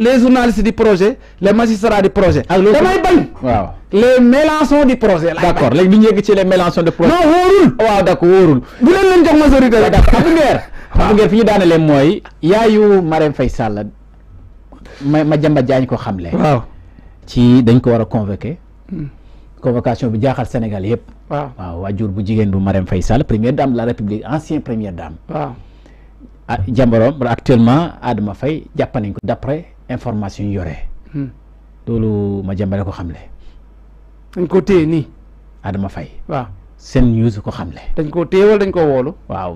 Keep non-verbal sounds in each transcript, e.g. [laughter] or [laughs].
les journalistes du projet les magistrats du projet. Alors, loolu damay bañ. waaw les Mélenchons du projet. d'accord accord léegi du ñu yegg ci les Mélenchons du projet. non wóorul. waaw d' accord wóorul. bu leen leen jox majorité la. d' accord Abdou Nguer. [laughs] Abdou Nguer fi yaayu Marème Faye Sall ma ma jàmba jaañ ko xamle. waaw ci dañ ko war a convoqué. Hmm. convocation bi jaaxal Sénégal yëpp. waaw waaw waajur bu jigéen bu Marème Faye Sall première dame de la République ancien première dame. waaw. Jambarom, ah, jàmbaroom actuellement Adama Fay, jàpp nañ ko d' information yu yore. Hmm. loolu ma jàmbale ko xamle. dañ ko téye nii. Adama Faye. waaw seen news ko xamle. dañ koo téye wala dañ koo woolu. waaw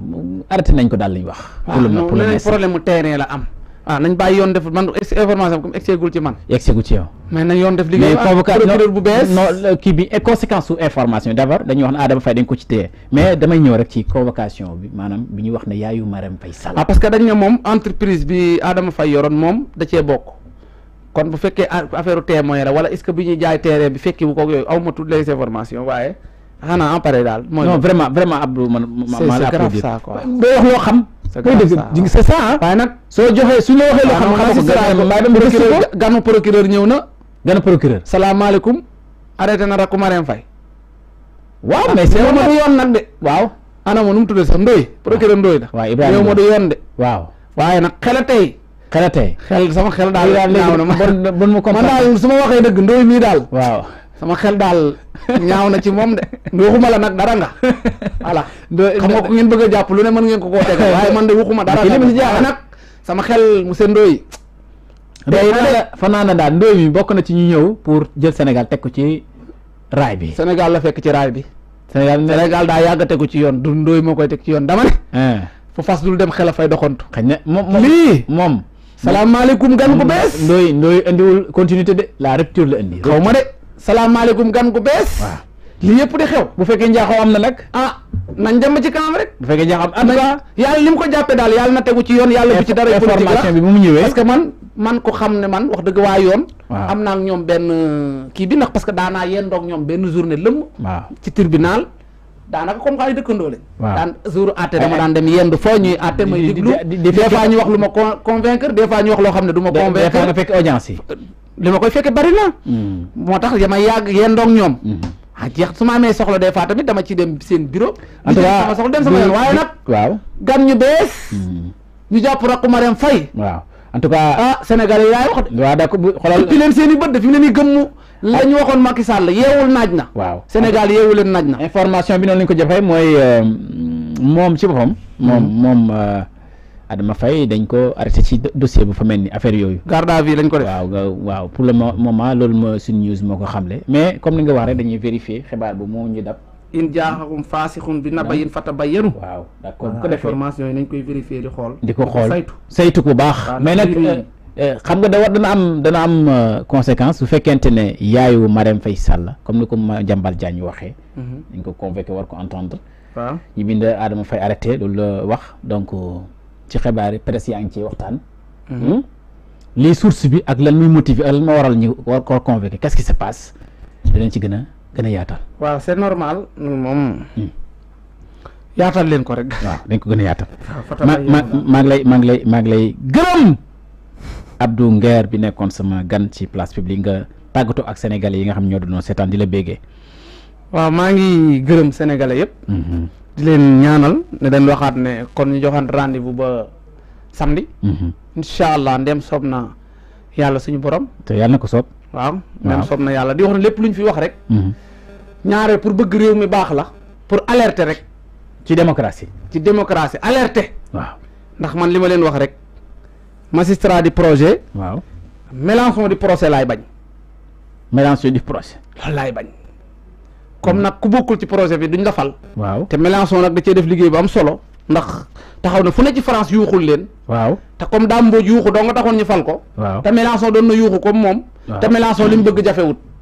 arrêté nañ ko daal lañ wax. pour le pour le problème mu terrain la am. ah nañ bayi yoon def man information comme exegul ci man exegul ci yow mais nañ yoon def mais procureur bu bess non ki bi conséquence sous information d'abord dañ wax ne Adama dañ ko ci téé mais damay ñëw rek ci convocation bi manam bi ñu wax na yaayu maram fay sal ah parce que dañ ne mom entreprise bi adam fay yoron mom da ci bok kon bu fekkee affaire témoin wala est ce que bi ñuy jaay téré bi fekki wu ko yooyu aw ma les informations waye xanaa en pareil dal non vraiment vraiment Abdou man ma la applaudir boo wax loo xam c'est c'est ça soo joxee suñu la procureur ganu procureur ñëw na ganu procureur salaamaaleykum arrêté na rakku Marème Faye waaw mais ñëw ma du yoon nag de waaw anamo nu mu tuddee sax ndoy procureur ndoy la ñëw ma du yoon de waaw waaye nag xela tey xela tey xel sama xel daal naaw na ma bon mu comprendre man daal su ma waxee dëgg ndoy mii daal waaw sama xel daal ñaaw na ci moom de waxuma la nag dara nga voilà [laughs] xam nga bëgg a jàpp lu ne mën ngeen ko koo tegal [laughs] waaye man de li ma si jaaxal nag sama xel monsieur Ndoye day fanaana daal Ndoye mi bokk na ci ñu ñëw pour jël Sénégal teg ko ci raay bi Sénégal la fekk ci raay bi Sénégal Sénégal daa yàgg a tegu ci yoon du Ndoye moo koy teg ci yoon dama ne fu fas dul xel a fay doxantu na moom lii moom salaamaaleykum gan bu indiwul continuité de la rupture la indi xaw ma de salaamaaleykum gan gu bes li yepp di xew. bu fekke njaaxoo amna nak ah man dem ci kanam rek. bu fekke njaaxoo am na yalla lim ko jappé dal yalla na tegu ci yoon yalla bu ci dara. information bi bu mu ñëwé parce que man man ko xamne man wax deug wa yoon. am ak ñom ben euh, ki bi nak parce que daanaa yendoog ñom ben journée leum ci tribunal. daanaka comme xaay dëkkandoo leen. dan daan jour àtte dama eh. dan dem yendu foo ñuy àtte may diglu des fois ñu wax lu ma convaincre des fois ñu wax loo xam ne du ma convaincre fekk audience dama ma koy fekke bari na hmm. motax tax dama yàgg yendoog ñom ha hmm. ah, jeex suma me amee soxla des fois tamit dama ci dem seen bureau sama soxla dem sama yoon waaye nag waaw gam ñu bes hmm. ñu japp rakku Marème fay waaw en tout cas ah Sénégal yi laay wax wa da ko xolal ci leen seeni bëdd fi mu ne gëmmu lañ ah. waxon Macky Sall yewul najna waaw Sénégal yewul leen najna information bi non lañ ko jëfay moy euh, mom ci boppam mom moom euh, Adama Faye dañ ko arrêté ci dossier bu fa melni affaire yoyu garda vie lañ ko def waaw waaw pour le moment loolu mo suñ news moo xamlé mais comme ni nga wax rek dañuy vérifier xibaar bu mo ñu dab. in jaaxakum fasikhun bi nabayin fatabayyanu. waaw d'accord bu ko defee information yi nañ koy vérifier di xol di ko xool saytu saytu bu baax. mais nak euh, xam nga da war dana am dana am euh, conséquence su fekkente ne yaayu Marème Faye Sall comme ni ko Madiambal Diagne waxee. Mhm. dañ ko convoqué war ko entendre. waaw ñu bind Adama fay arrêté loolu la wax donc. Euh, ci xibaar yi presse yaa ngi ci waxtaan. Mm-hmm. Hmm? li source bi ak lan muy motiver ak lan moo waral ñu war koo convoqué qu'est-ce qui se passe dinañ ci gën a gën a yaatal. waaw c'est normal moom. Hmm. yaatal leen ko rek. [laughs] waaw dañ ko gën a yaatal. maa ngi lay maa ngi lay maa ngi lay gërëm. Abdou Nguer bi nekkoon sama gan ci place publique nga tàggatoo ak sénégalais yi nga xam ñoo doon seetaan di la béggee. waaw maa ngi gërëm sénégalais yëpp. Hmm, di len ñaanal ne dañ waxat ne kon ñu joxaan rendez-vous ba samedi hmm allah ndem sobna yalla suñu borom te yalla nako ko waaw ndem soob yalla di wax ne lepp luñ fi wax rek mhm. ñaare pour bëgg réew mi baax la pour alerter rek ci démocratie ci démocratie alerter waaw ndax man lima len wax rek magistrat di projet waaw Mélenchon di procès lay bañ Mélenchon di procès loolu bañ comme nag ku bokkul ci projet bi duñ la fal. waaw te Mélenchon nag da cee def liggéey bu am solo ndax taxaw na fu ne ci France yuuxul leen. waaw te comme daam mbooj yuuxu doo nga taxoon ñu fal ko. waaw te Mélenchon doon na yuuxu comme moom. te Mélenchon li mu bëgg jafewut.